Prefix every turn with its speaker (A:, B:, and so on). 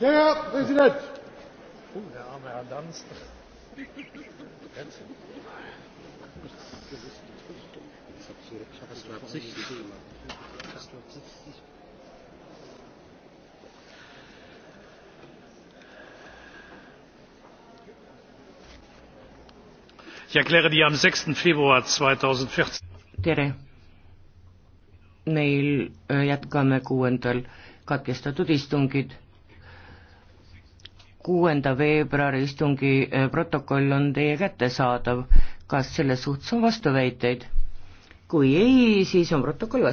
A: Herr Präsident! Oh, der arme Herr Danz.
B: Ich erkläre die am 6. Februar 2014.
C: Tere. Meil äh, jätkame kuuendal katkestatud istungid kuuenda veebruari istungi eh, protokoll
D: on teie kättesaadav. kas selles suhtes on vastuväiteid? kui ei, siis on protokoll vastu.